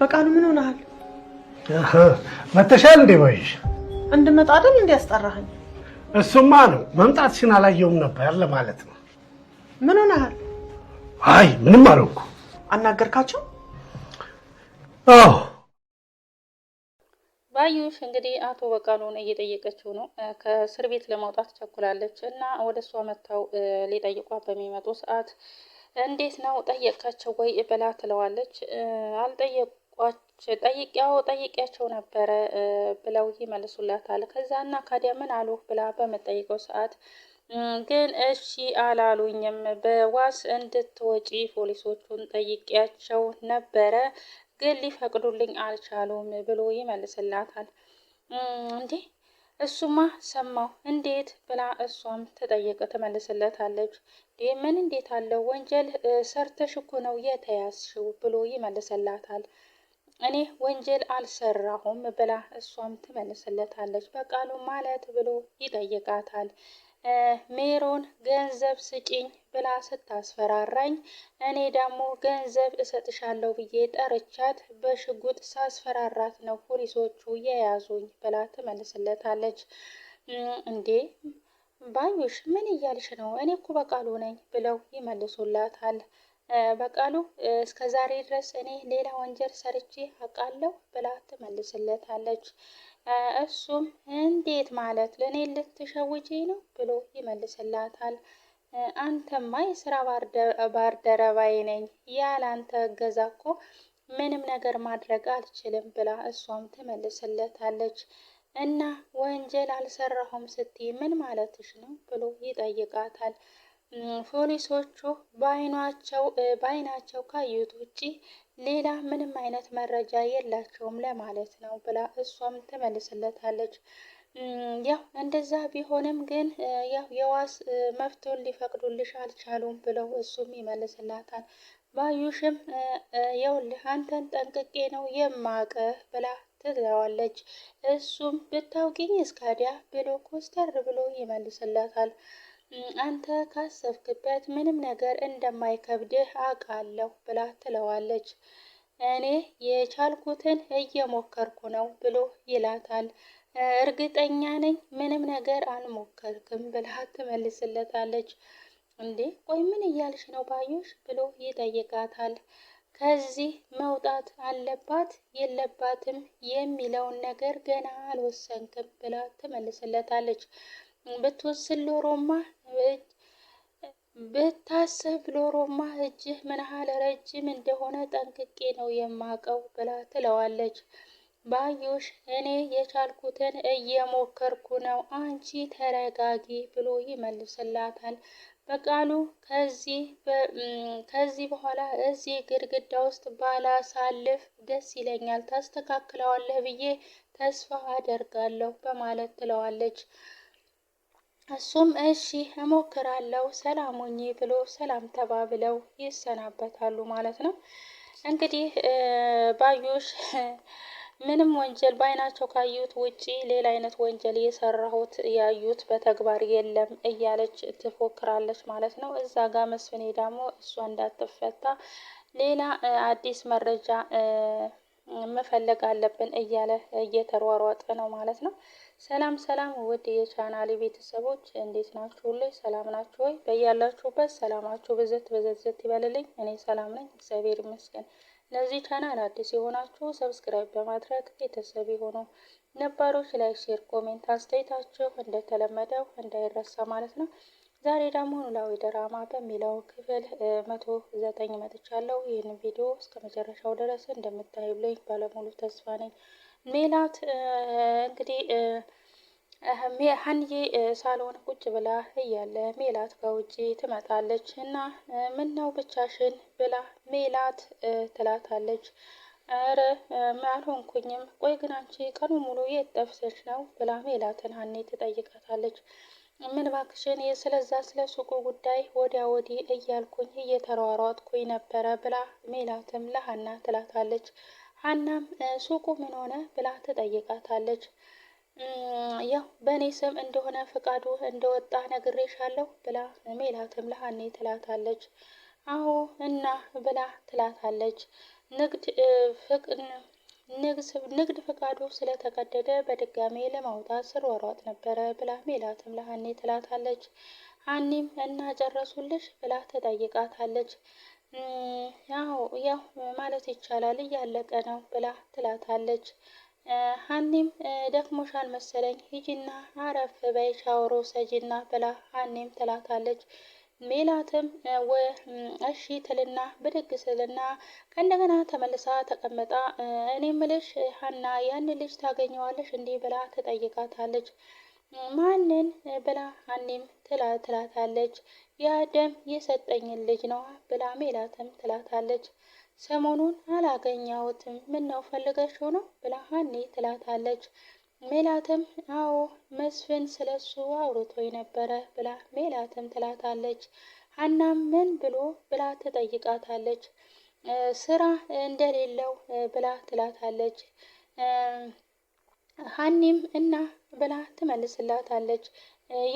በቃሉ ምን ሆነሃል? መተሻል እንዴ? በይሽ እንድመጣ አይደል እንዲያስጠራህኝ? እሱማ ነው መምጣት ሲን አላየውም ነበር ለማለት ነው። ምን ሆነሃል? አይ ምንም አልኩ። አናገርካቸው? አዎ። ባዩሽ እንግዲህ አቶ በቃሉን እየጠየቀችው ነው። ከእስር ቤት ለማውጣት ቸኩላለች እና ወደ እሷ መጥተው ሊጠይቋት በሚመጡ ሰዓት እንዴት ነው ጠየቃቸው ወይ ብላ ትለዋለች። አልጠየቁ ጠይቄያው ጠይቄያቸው ነበረ ብለው ይመልሱላታል። ከዛ እና ካዲያ ምን አሉህ ብላ በምጠይቀው ሰዓት ግን እሺ አላሉኝም። በዋስ እንድትወጪ ፖሊሶቹን ጠይቄያቸው ነበረ ግን ሊፈቅዱልኝ አልቻሉም ብሎ ይመልስላታል። እንዴ እሱማ ሰማው እንዴት ብላ እሷም ትጠይቅ ትመልስለታለች። ምን እንዴት አለው ወንጀል ሰርተሽ እኮ ነው የተያዝሽው ብሎ ይመልስላታል። እኔ ወንጀል አልሰራሁም ብላ እሷም ትመልስለታለች። በቃሉ ማለት ብሎ ይጠይቃታል። ሜሮን ገንዘብ ስጪኝ ብላ ስታስፈራራኝ እኔ ደግሞ ገንዘብ እሰጥሻለሁ ብዬ ጠርቻት በሽጉጥ ሳስፈራራት ነው ፖሊሶቹ የያዙኝ ብላ ትመልስለታለች። እንዴ ባዩሽ ምን እያልሽ ነው? እኔ እኮ በቃሉ ነኝ ብለው ይመልሱላታል። በቃሉ እስከ ዛሬ ድረስ እኔ ሌላ ወንጀል ሰርቼ አውቃለሁ ብላ ትመልስለታለች። እሱም እንዴት ማለት ለእኔ ልትሸውጪ ነው ብሎ ይመልስላታል። አንተማ የስራ ባልደረባዬ ነኝ፣ ያለ አንተ እገዛ እኮ ምንም ነገር ማድረግ አልችልም ብላ እሷም ትመልስለታለች። እና ወንጀል አልሰራሁም ስትይ ምን ማለትሽ ነው ብሎ ይጠይቃታል። ፖሊሶቹ በአይናቸው በአይናቸው ካዩት ውጪ ሌላ ምንም አይነት መረጃ የላቸውም ለማለት ነው ብላ እሷም ትመልስለታለች። ያው እንደዛ ቢሆንም ግን ያው የዋስ መብቱን ሊፈቅዱልሽ አልቻሉም ብለው እሱም ይመልስላታል። ባዩሽም የውልህ አንተን ጠንቅቄ ነው የማቀ ብላ ትለዋለች። እሱም ብታውቂኝ እስካዲያ ብሎ ኮስተር ብሎ ይመልስላታል። አንተ ካሰብክበት ምንም ነገር እንደማይከብድህ አውቃለሁ ብላ ትለዋለች። እኔ የቻልኩትን እየሞከርኩ ነው ብሎ ይላታል። እርግጠኛ ነኝ ምንም ነገር አልሞከርክም ብላ ትመልስለታለች። እንዴ ቆይ ምን እያልሽ ነው ባዩሽ ብሎ ይጠይቃታል። ከዚህ መውጣት አለባት የለባትም የሚለውን ነገር ገና አልወሰንክም ብላ ትመልስለታለች። ብትወስን ሎሮማ ብታስብ ሎሮማ እጅህ ምን ያህል ረጅም እንደሆነ ጠንቅቄ ነው የማውቀው ብላ ትለዋለች። ባዩሽ እኔ የቻልኩትን እየሞከርኩ ነው፣ አንቺ ተረጋጊ ብሎ ይመልስላታል። በቃሉ ከዚህ በኋላ እዚህ ግድግዳ ውስጥ ባላሳልፍ ደስ ይለኛል፣ ታስተካክለዋለህ ብዬ ተስፋ አደርጋለሁ በማለት ትለዋለች። እሱም እሺ እሞክራለሁ ሰላም ብሎ ሰላም ተባብለው ይሰናበታሉ ማለት ነው። እንግዲህ ባዩሽ ምንም ወንጀል በአይናቸው ካዩት ውጪ ሌላ አይነት ወንጀል የሰራሁት ያዩት በተግባር የለም እያለች ትፎክራለች ማለት ነው። እዛ ጋር መስፍኔ ደግሞ እሷ እንዳትፈታ ሌላ አዲስ መረጃ መፈለግ አለብን እያለ እየተሯሯጠ ነው ማለት ነው። ሰላም ሰላም ውድ የቻናሌ ቤተሰቦች እንዴት ናችሁ? ሁሉ ሰላም ናችሁ ወይ? በያላችሁበት ሰላማችሁ ብዘት ዘት ይበልልኝ። እኔ ሰላም ነኝ፣ እግዚአብሔር ይመስገን። ለዚህ ቻናል አዲስ የሆናችሁ ሰብስክራይብ በማድረግ ቤተሰብ የሆኑ ነባሮች ላይ ሼር፣ ኮሜንት አስተያየታችሁ እንደተለመደው እንዳይረሳ ማለት ነው። ዛሬ ደግሞ ኖላዊ ድራማ በሚለው ክፍል መቶ ዘጠኝ መጥቻለሁ። ይህን ቪዲዮ እስከ መጨረሻው ድረስ እንደምታዩልኝ ባለሙሉ ተስፋ ነኝ። ሜላት እንግዲህ ሀንዬ ሳሎን ቁጭ ብላ እያለ ሜላት ከውጪ ትመጣለች እና ምነው ብቻሽን ብላ ሜላት ትላታለች። ኧረ አልሆንኩኝም። ቆይ ግን አንቺ ቀኑ ሙሉ የት ጠፍተሽ ነው ብላ ሜላትን ሀኔ ትጠይቃታለች። ምን እባክሽን ስለዛ ስለ ሱቁ ጉዳይ ወዲያ ወዲህ እያልኩኝ እየተሯሯጥኩኝ ነበረ ብላ ሜላትም ለሀና ትላታለች። ሀናም ሱቁ ምን ሆነ ብላ ትጠይቃታለች። ያው በእኔ ስም እንደሆነ ፈቃዱ እንደወጣ ነግሬሻለሁ ብላ ሜላትም ለሀኔ ትላታለች። አዎ እና ብላ ትላታለች። ንግድ ፈቃዱ ስለተቀደደ በድጋሜ ለማውጣት ስሯሯጥ ነበረ ብላ ሜላትም ለሀኔ ትላታለች። ሀኒም እና ጨረሱልሽ ብላ ትጠይቃታለች። ያው ያው ማለት ይቻላል እያለቀ ነው ብላ ትላታለች። ሀኒም ደክሞሻል መሰለኝ ሂጂና አረፍ በይ ሻወር ብላ ሀኒም ትላታለች። ሜላትም እሺ ትልና ብድግ ስልና ከእንደገና ተመልሳ ተቀምጣ እኔ ምልሽ ሀና ያን ልጅ ታገኘዋለሽ እንዲህ ብላ ትጠይቃታለች። ማንን ብላ ሀኒም ትላታለች። ያ ደም የሰጠኝን ልጅ ነው ብላ ሜላትም ትላታለች። ሰሞኑን አላገኘሁትም፣ ነው ፈልገሽው ነው ብላ ሀኒ ትላታለች። ሜላትም አዎ መስፍን ስለሱ አውርቶኝ ነበረ ብላ ሜላትም ትላታለች። ሀናም ምን ብሎ ብላ ትጠይቃታለች። ስራ እንደሌለው ብላ ትላታለች። ሀኒም እና ብላ ትመልስላታለች።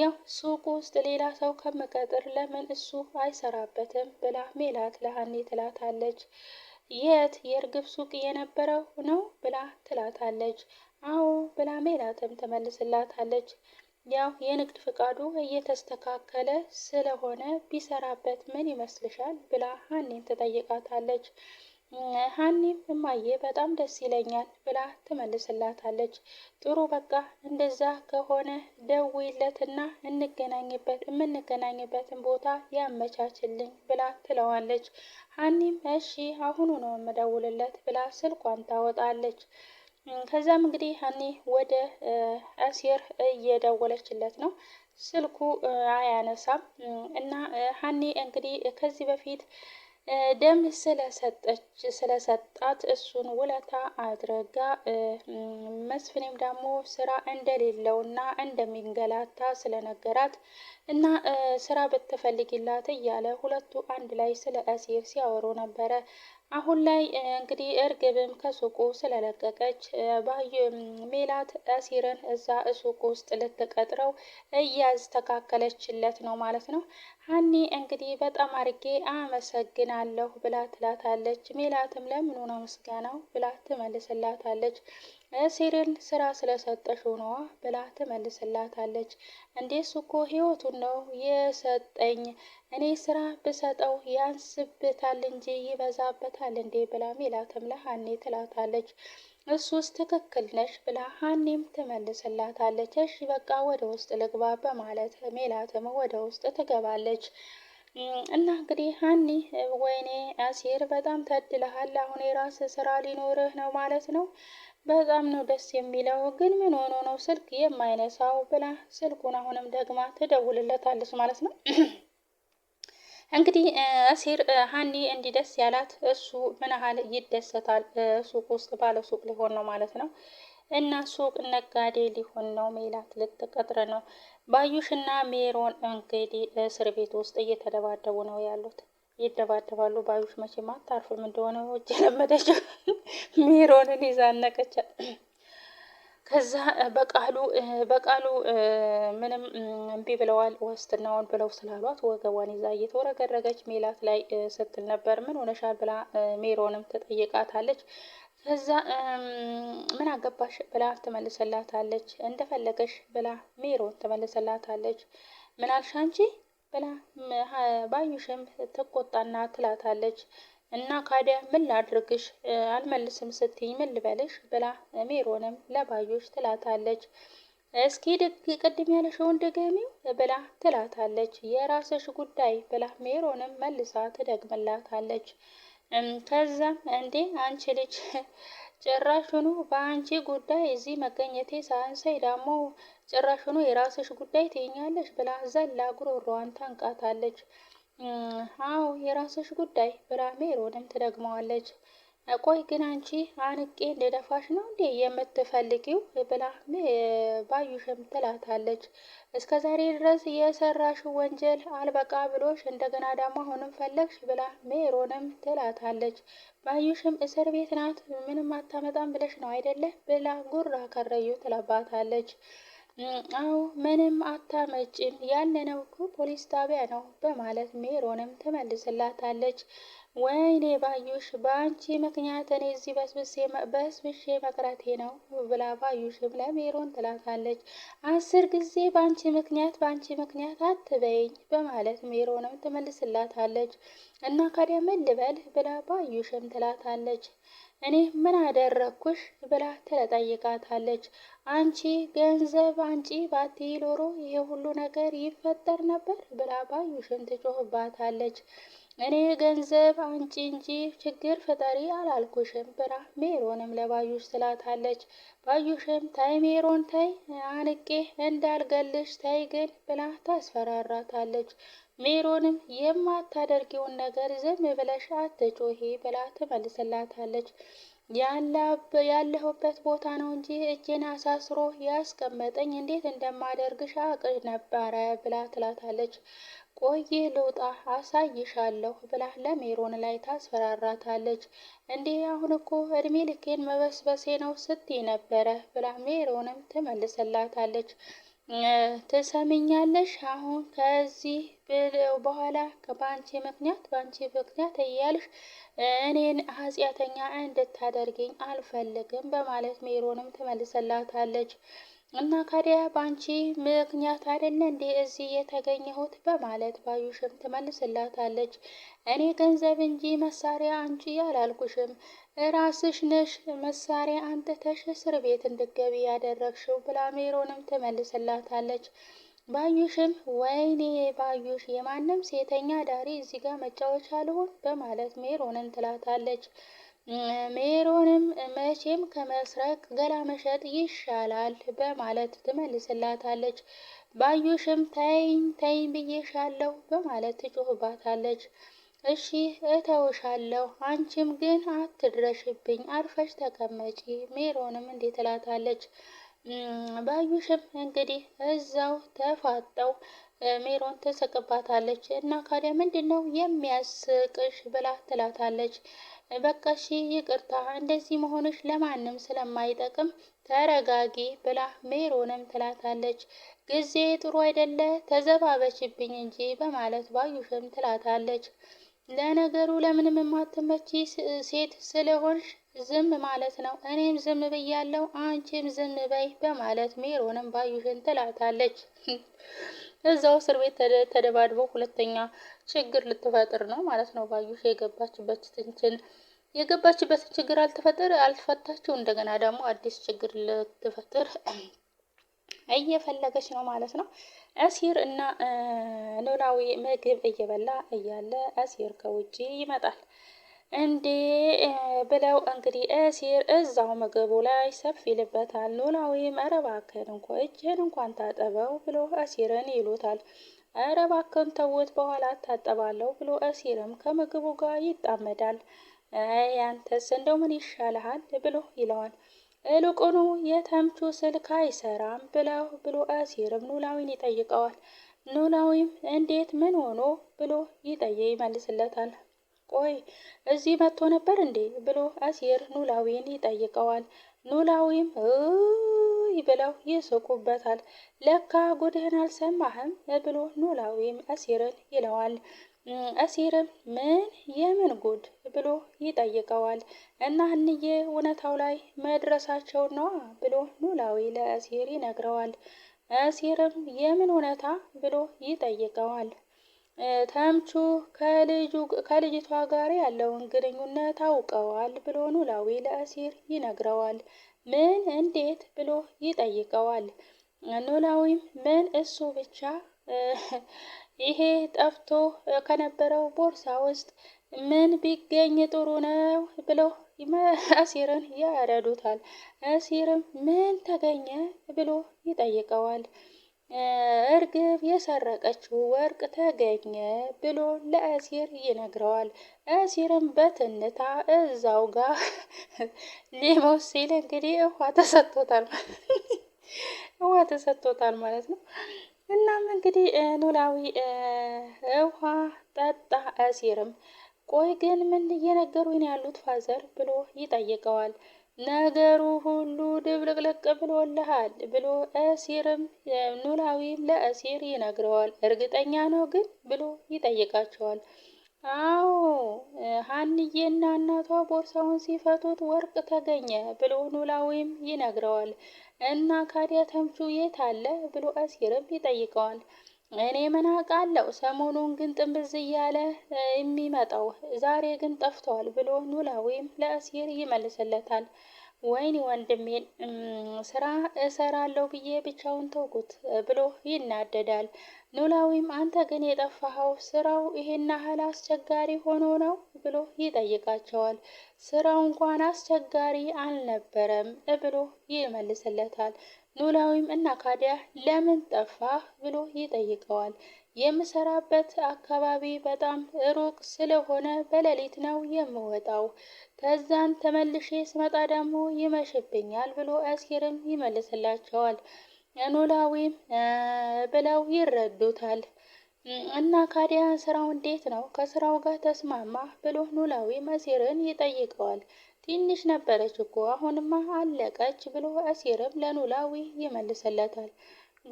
ያው ሱቅ ውስጥ ሌላ ሰው ከመቀጥር ለምን እሱ አይሰራበትም ብላ ሜላት ለሀኔ ትላታለች። የት የእርግብ ሱቅ የነበረው ነው ብላ ትላታለች። አዎ ብላ ሜላትም ትመልስላታለች። ያው የንግድ ፍቃዱ እየተስተካከለ ስለሆነ ቢሰራበት ምን ይመስልሻል ብላ ሀኔን ትጠይቃታለች። ሀኒም እማዬ በጣም ደስ ይለኛል ብላ ትመልስላታለች። ጥሩ በቃ እንደዛ ከሆነ ደውይለትና እንገናኝበት የምንገናኝበትን ቦታ ያመቻችልኝ ብላ ትለዋለች። ሀኒም እሺ አሁኑ ነው የምደውልለት ብላ ስልኳን ታወጣለች። ከዛም እንግዲህ ሀኒ ወደ አሴር እየደወለችለት ነው ስልኩ አያነሳም እና ሀኒ እንግዲህ ከዚህ በፊት ደም ስለሰጠች ስለሰጣት እሱን ውለታ አድርጋ መስፍኔም ደግሞ ስራ እንደሌለውና እንደሚንገላታ ስለነገራት እና ስራ ብትፈልግላት እያለ ሁለቱ አንድ ላይ ስለ አሲር ሲያወሩ ነበረ። አሁን ላይ እንግዲህ እርግብም ከሱቁ ስለለቀቀች ሜላት አሲርን እዛ ሱቁ ውስጥ ልትቀጥረው እያስተካከለችለት ነው ማለት ነው። ሀኒ እንግዲህ በጣም አርጌ አመሰግናለሁ ብላ ትላታለች። ሜላትም ለምኑ ነው ምስጋናው ብላ ትመልስላታለች። ሲሪል ስራ ስለሰጠሽው ነዋ ብላ ትመልስላታለች። እንዴ እሱ እኮ ህይወቱን ነው የሰጠኝ እኔ ስራ ብሰጠው ያንስብታል እንጂ ይበዛበታል እንዴ ብላ ሜላትም ለሀኔ ትላታለች። እሱስ ትክክል ነሽ ብላ ሀኔም ትመልስላታለች። እሺ በቃ ወደ ውስጥ ልግባ በማለት ሜላትም ወደ ውስጥ ትገባለች። እና እንግዲህ ሀኒ ወይኔ አሴር በጣም ተድለሃል፣ አሁን የራስ ስራ ሊኖርህ ነው ማለት ነው በጣም ነው ደስ የሚለው። ግን ምን ሆኖ ነው ስልክ የማይነሳው ብላ ስልኩን አሁንም ደግማ ትደውልለታለች ማለት ነው። እንግዲህ አሲር ሀኒ እንዲህ ደስ ያላት እሱ ምን ያህል ይደሰታል። ሱቅ ውስጥ ባለ ሱቅ ሊሆን ነው ማለት ነው እና ሱቅ ነጋዴ ሊሆን ነው። ሜላት ልትቀጥር ነው። ባዩሽና ሜሮን እንግዲህ እስር ቤት ውስጥ እየተደባደቡ ነው ያሉት። ይደባደባሉ። ባዩሽ መቼም አታርፍም እንደሆነ ውጭ የለመደችው ሚሮንን ይዛነቀቻል። ከዛ በቃሉ በቃሉ ምንም እምቢ ብለዋል። ዋስትናውን ብለው ስላሏት ወገቧን ይዛ እየተወረገረገች ሜላት ላይ ስትል ነበር። ምን ሆነሻል ብላ ሜሮንም ትጠይቃታለች። ከዛ ምን አገባሽ ብላ ትመልሰላታለች። እንደፈለገሽ ብላ ሜሮን ትመልሰላታለች። ምን አልሽ አንቺ ብላ ባዩሽም ትቆጣና ትላታለች። እና ካዲያ ምን ላድርግሽ አልመልስም ስትኝ ምን ልበልሽ ብላ ሜሮንም ለባዩሽ ትላታለች። እስኪ ቅድም ያለሽውን ድገሚው ብላ ትላታለች። የራስሽ ጉዳይ ብላ ሜሮንም መልሳ ትደግምላታለች። ከዛም እንዴ አንቺ ልጅ ጭራሽኑ በአንቺ ጉዳይ እዚህ መገኘቴ ሳያንሰኝ ደግሞ ጭራሽ ሆኖ የራስሽ ጉዳይ ትይኛለሽ ብላ ዘላ ጉሮሮዋን ታንቃታለች። አዎ የራስሽ ጉዳይ ብላ ሜሮንም ትደግመዋለች። ቆይ ግን አንቺ አንቄ እንደደፋሽ ነው እንዴ የምትፈልጊው? ብላ ባዩሽም ትላታለች። እስከ ዛሬ ድረስ የሰራሽ ወንጀል አልበቃ ብሎሽ እንደገና ደግሞ አሁንም ፈለግሽ? ብላ ሜሮንም ትላታለች። ባዩሽም እስር ቤት ናት ምንም አታመጣም ብለሽ ነው አይደለ? ብላ ጉራ ከረዩ ትለባታለች። አዎ ምንም አታመጭም ያለነው እኮ ፖሊስ ጣቢያ ነው በማለት ሜሮንም ትመልስላታለች። ወይኔ ባዩሽ በአንቺ ምክንያት እኔ እዚህ በስብሼ መቅረቴ ነው ብላ ባዩሽም ለሜሮን ትላታለች። አስር ጊዜ በአንቺ ምክንያት በአንቺ ምክንያት አትበይኝ በማለት ሜሮንም ትመልስላታለች። እና ካዲያ ምን ልበል ብላ ባዩሽም ትላታለች። እኔ ምን አደረግኩሽ ብላ ትለጠይቃታለች አንቺ ገንዘብ አንቺ ባቲ ኖሮ ይሄ ሁሉ ነገር ይፈጠር ነበር ብላ ባዩሽን ትጮህባታለች። እኔ ገንዘብ አንቺ እንጂ ችግር ፈጣሪ አላልኩሽም ብላ ሜሮንም ለባዩሽ ትላታለች። ባዩሽም ታይ ሜሮን ታይ አንቄ እንዳልገልሽ ታይ ግን ብላ ታስፈራራታለች። ሜሮንም የማታደርጊውን ነገር ዝም ብለሽ አትጮሂ ብላ ትመልስላታለች። ያለሁበት ቦታ ነው እንጂ እጄን አሳስሮ ያስቀመጠኝ እንዴት እንደማደርግሽ አቅ ነበረ ብላ ትላታለች። ቆየ ልውጣ አሳይሻለሁ ብላ ለሜሮን ላይ ታስፈራራታለች። እንዴ አሁን እኮ እድሜ ልኬን መበስበሴ ነው ስትይ ነበረ ብላ ሜሮንም ትመልስላታለች። ትሰምኛለሽ አሁን ከዚህ በኋላ ከባንቺ ምክንያት ባንቺ ምክንያት እያልሽ እኔን ኃጢአተኛ እንድታደርግኝ አልፈልግም በማለት ሜሮንም ትመልስላታለች። እና ካዲያ በአንቺ ምክንያት አይደለ እንዴ እዚህ የተገኘሁት በማለት ባዩሽም ትመልስላታለች። እኔ ገንዘብ እንጂ መሳሪያ አንቺ ያላልኩሽም ራስሽ ነሽ መሳሪያ አንጥተሽ እስር ቤት እንድገቢ ያደረግሽው ብላ ሜሮንም ትመልስላታለች። ባዩሽም ወይኔ ባዩሽ የማንም ሴተኛ ዳሪ እዚህ ጋር መጫወቻ ልሆን በማለት ሜሮንን ትላታለች። ሜሮንም መቼም ከመስረቅ ገላ መሸጥ ይሻላል በማለት ትመልስላታለች። ባዩሽም ተይኝ ተይኝ ብዬሻለሁ በማለት ትጮህባታለች። እሺ እተውሻለሁ፣ አንቺም ግን አትድረሽብኝ፣ አርፈሽ ተቀመጪ ሜሮንም እንዲህ ትላታለች። ባዩሽም እንግዲህ እዛው ተፋጠው ሜሮን ትስቅባታለች። እና ካዲያ ምንድን ነው የሚያስቅሽ ብላ ትላታለች። በቃ ይቅርታ፣ እንደዚህ መሆንሽ ለማንም ስለማይጠቅም ተረጋጊ ብላ ሜሮንም ትላታለች። ጊዜ ጥሩ አይደለ ተዘባበችብኝ እንጂ በማለት ባዩሽም ትላታለች። ለነገሩ ለምንም የማትመቺ ሴት ስለሆንሽ ዝም ማለት ነው። እኔም ዝም ብያለው፣ አንቺም ዝም በይ በማለት ሜሮንም ባዩሽን ትላታለች። እዛው እስር ቤት ተደባድበው ሁለተኛ ችግር ልትፈጥር ነው ማለት ነው። ባዩሽ የገባችበት ትንችን የገባችበትን ችግር አልተፈጠር አልፈታችው እንደገና ደግሞ አዲስ ችግር ልትፈጥር እየፈለገች ነው ማለት ነው። አሲር እና ኖላዊ ምግብ እየበላ እያለ አሲር ከውጭ ይመጣል። እንዴ ብለው እንግዲህ አሲር እዛው ምግቡ ላይ ሰፍ ይልበታል። ኖላዊ መረባከን እንኳ እጅህን እንኳን ታጠበው ብሎ አሲርን ይሉታል። እረ እባክህን ተውት በኋላ እታጠባለሁ ብሎ እሲርም ከምግቡ ጋር ይጣመዳል። ያንተስ እንደው ምን ይሻልሃል ብሎ ይለዋል። እልቁኑ የተምቹ ስልክ አይሰራም ብለው ብሎ እሲርም ኖላዊን ይጠይቀዋል። ኖላዊም እንዴት ምን ሆኖ ብሎ ይጠየ ይመልስለታል። ቆይ እዚህ መጥቶ ነበር እንዴ ብሎ እሲር ኖላዊን ይጠይቀዋል። ኖላዊም ብለው ይስቁበታል። ለካ ጉድህን አልሰማህም ብሎ ኖላዊም አሲርን ይለዋል። አሲርም ምን የምን ጉድ ብሎ ይጠይቀዋል። እና ህንዬ እውነታው ላይ መድረሳቸው ነዋ ብሎ ኖላዊ ለአሲር ይነግረዋል። አሲርም የምን እውነታ ብሎ ይጠይቀዋል። ተምቹ ከልጅቷ ጋር ያለውን ግንኙነት አውቀዋል ብሎ ኖላዊ ለአሲር ይነግረዋል። ምን እንዴት ብሎ ይጠይቀዋል። ኖላዊም ምን እሱ ብቻ ይሄ ጠፍቶ ከነበረው ቦርሳ ውስጥ ምን ቢገኝ ጥሩ ነው ብለው አሲርን ያረዱታል። አሲርም ምን ተገኘ ብሎ ይጠይቀዋል። እርግብ የሰረቀችው ወርቅ ተገኘ ብሎ ለአሲር ይነግረዋል። አሲርም በትንታ እዛው ጋር ሌባው ሲል እንግዲህ ውሃ ተሰጥቶታል፣ ውሃ ተሰጥቶታል ማለት ነው። እናም እንግዲህ ኖላዊ ውሃ ጠጣ። አሲርም ቆይ ግን ምን እየነገሩኝ ያሉት ፋዘር ብሎ ይጠይቀዋል። ነገሩ ሁሉ ድብልቅልቅ ብሎልሃል ብሎ እሲርም ኖላዊም ለእሲር ይነግረዋል። እርግጠኛ ነው ግን ብሎ ይጠይቃቸዋል። አዎ ሀንዬና እናቷ ቦርሳውን ሲፈቱት ወርቅ ተገኘ ብሎ ኖላዊም ይነግረዋል። እና ካዲያ ተምቹ የት አለ ብሎ እሲርም ይጠይቀዋል። እኔ ምን አውቃለሁ። ሰሞኑን ግን ጥንብዝ እያለ የሚመጣው ዛሬ ግን ጠፍቷል ብሎ ኖላዊም ለእሴር ይመልስለታል። ወይኔ ወንድሜን ስራ እሰራለሁ ብዬ ብቻውን ተውኩት ብሎ ይናደዳል። ኖላዊም አንተ ግን የጠፋኸው ስራው ይሄን ያህል አስቸጋሪ ሆኖ ነው ብሎ ይጠይቃቸዋል። ስራው እንኳን አስቸጋሪ አልነበረም ብሎ ይመልስለታል። ኖላዊም እና ካዲያ ለምን ጠፋ ብሎ ይጠይቀዋል። የምሰራበት አካባቢ በጣም ሩቅ ስለሆነ በሌሊት ነው የምወጣው። ከዛን ተመልሼ ስመጣ ደግሞ ይመሽብኛል ብሎ አስኪርም ይመልስላቸዋል። ኖላዊም ብለው ይረዱታል። እና ካዲያ ስራው እንዴት ነው? ከስራው ጋር ተስማማ ብሎ ኖላዊ አሲርን ይጠይቀዋል። ትንሽ ነበረች እኮ አሁንማ አለቀች ብሎ አሲርም ለኑላዊ ይመልስለታል።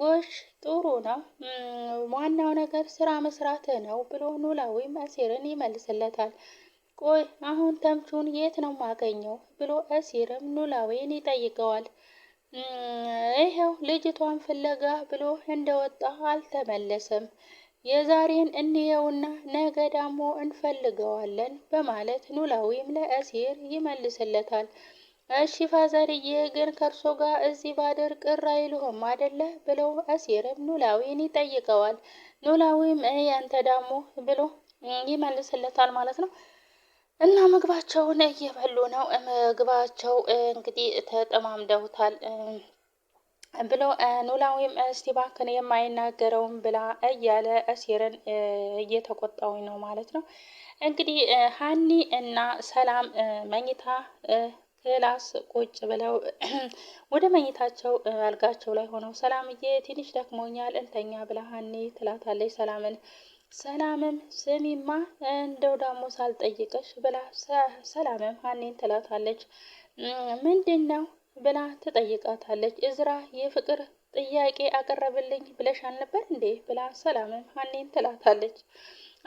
ጎሽ ጥሩ ነው፣ ዋናው ነገር ስራ መስራት ነው ብሎ ኖላዊም አሲርን ይመልስለታል። ቆይ አሁን ተምቹን የት ነው ማገኘው ብሎ አሲርም ኑላዊን ይጠይቀዋል። ይኸው ልጅቷን ፍለጋ ብሎ እንደወጣ አልተመለሰም። የዛሬን እንየውና ነገ ዳሞ እንፈልገዋለን በማለት ኖላዊም ለእሴር ይመልስለታል። እሺ ፋዘርዬ ግን ከእርሶ ጋር እዚህ ባድር ቅር አይልሁም አደለ? ብለው እሴርም ኖላዊን ይጠይቀዋል። ኖላዊም ያንተ ዳሞ ብሎ ይመልስለታል ማለት ነው። እና ምግባቸውን እየበሉ ነው። ምግባቸው እንግዲህ ተጠማምደውታል። ብሎ ኖላዊም እስቲ ባክን የማይናገረውም ብላ እያለ እሴርን እየተቆጣውኝ ነው ማለት ነው። እንግዲህ ሀኒ እና ሰላም መኝታ ክላስ ቁጭ ብለው ወደ መኝታቸው አልጋቸው ላይ ሆነው ሰላምዬ ትንሽ ደክሞኛል እንተኛ ብላ ሀኒ ትላታለች ሰላምን። ሰላምም ስሚማ እንደው ዳሞ ሳልጠይቅሽ ብላ ሰላምም ሀኒን ትላታለች። ምንድን ነው ብላ ትጠይቃታለች። እዝራ የፍቅር ጥያቄ አቀረብልኝ ብለሽ አልነበር እንዴ ብላ ሰላምም ሀኔን ትላታለች።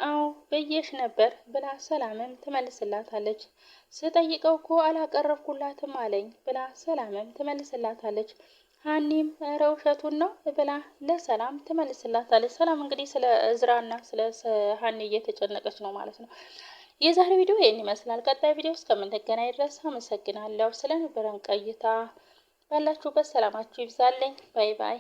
አዎ ብዬሽ ነበር ብላ ሰላምም ትመልስላታለች። ስጠይቀው እኮ አላቀረብኩላትም አለኝ ብላ ሰላምም ትመልስላታለች። ሀኒም ኧረ ውሸቱን ነው ብላ ለሰላም ትመልስላታለች። ሰላም እንግዲህ ስለ እዝራና ስለ ሀኒ እየተጨነቀች ነው ማለት ነው። የዛሬ ቪዲዮ ይህን ይመስላል። ቀጣይ ቪዲዮ እስከምንገናኝ ድረስ አመሰግናለሁ ስለነበረን ቆይታ። ባላችሁበት ሰላማችሁ ይብዛልኝ። ባይ ባይ።